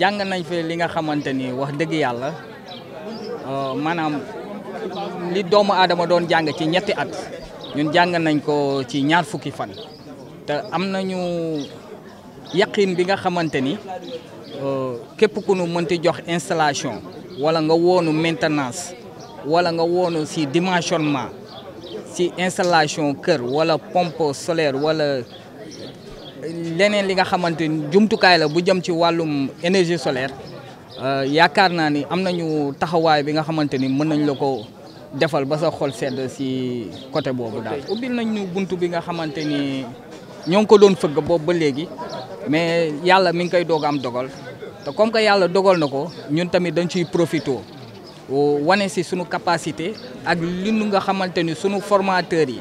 jàng nañ fi li nga xamante ni wax dëgg yàlla euh, maanaam li doomu aadama doon jàng ci ñetti at ñun jàng nañ ko ci ñaar fukki fan te am na ñu yaqin bi nga xamante ni euh, képp ku nu mënti jox installation wala nga woonu maintenance wala nga woonu si dimensionnement si installation kër wala pompe solaire walla leneen li nga xamante ni jumtukaay la bu jëm ci wàllum énergie solaire euh, yaakaar naa ni am nañu taxawaay bi nga xamante ni mën nañ la ko defal ba sa xol sedd si côté boobu daal. ubbil nañ ñu bunt bi nga xamante ni ñoo ngi ko doon fëgg boobu ba léegi mais yàlla mi ngi koy doog am dogal te comme que yàlla dogal na ko ñun tamit dañ ciy profité wane si suñu capacité ak li nga xamante ni sunu formateur yi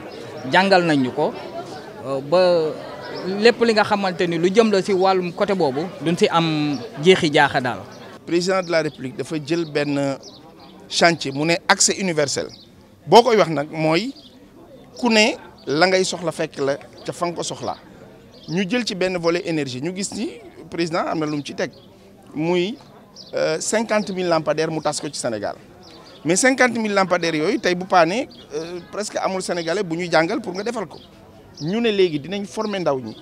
jàngal nañ ko euh, lépp li nga xamanteni lu jëm la ci walum côté bobu duñ ci am jeexi jaaxa dal président de la république dafa jël ben chantier mu né accès universel boo wax nak moy ku né la ngay soxla fekk la ca fa ko soxla ñu jël ci ben volet énergie ñu gis ni président amna lu mu ci teg muy euh, cinquante mille lampadaires mu tass ko ci Sénégal mais cinquante mille lampadaires yooyu tay bu paane euh, presque amul sénégalais bu ñu jàngal pour nga défal ko. ñu ne léegi dinañ former ndaw ñi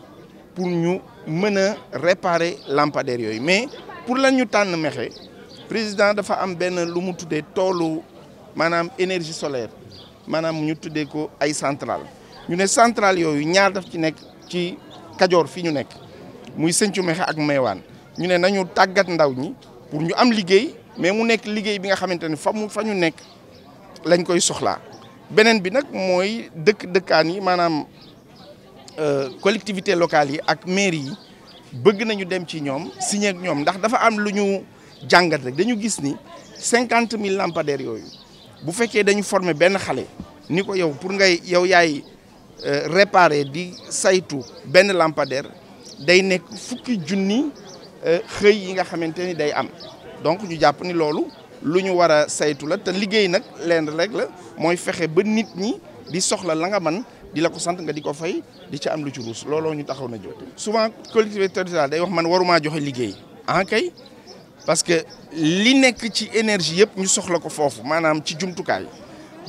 pour ñu mën a réparer lampadaires yooyu mais pour lan ñu tànn Mekhe président dafa am benn lu mu tuddee toolu maanaam énergie solaire maanaam ñu tuddee ko ay centrale ñu ne centrale yooyu ñaar daf ci nekk ci Kajoor fi ñu nekk muy Sëncu mexe ak Meewaan ñu ne nañu tàggat ndaw ñi pour ñu am liggéey mais mu nekk liggéey bi nga xamante ne fa mu fa ñu nekk lañ koy soxlaa beneen bi nag mooy dëkk dëkkaan yi maanaam Euh, collectivité locale yi ak mairie yi bëgg nañu dem ci ñoom signé ñoom ndax dafa am lu ñu jàngat rek dañu gis ni cinquante mille lampadaires yooyu bu fekkee dañu former benn xale ni ko yow pour ngay yow yaay euh, réparer di saytu benn lampadaire day nekk fukki junni euh, xëy yi nga xamante ni day am donc ñu jàpp ni loolu lu ñu war a saytu la te liggéey nag leen rek la mooy fexe ba nit ñi di soxla la nga man di la ko sant nga di ko fay di ci am lu ci ruus looloo ñu taxaw na jóg. souvent collectivité territoriale day wax man warumaa joxe liggéey. ah kay parce que li nekk ci énergie yëpp ñu soxla ko foofu maanaam ci jumtukaay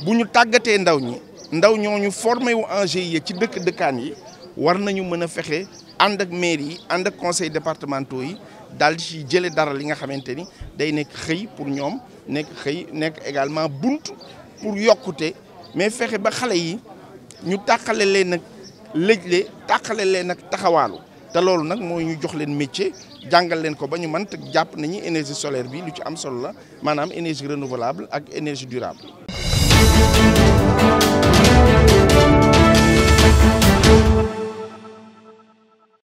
bu ñu tàggatee ndaw ñi ndaw ñooñu formé wu en GIE ci dëkk dëkkaan yi war nañu mën a fexe ànd ak maire yi ànd ak conseil départementaux yi daal di ci jëlee dara li nga xamante ni day nekk xëy pour ñoom nekk xëy nekk également bunt pour yokkute mais fexe ba xale yi. ñu tàqale leen nag lëjle tàqale leen nag taxawaalu te loolu nag mooy ñu jox leen métier jàngal leen ko ba ñu man te jàpp nañu énergie solaire bi lu ci am solo la maanaam énergie renouvelable ak énergie durable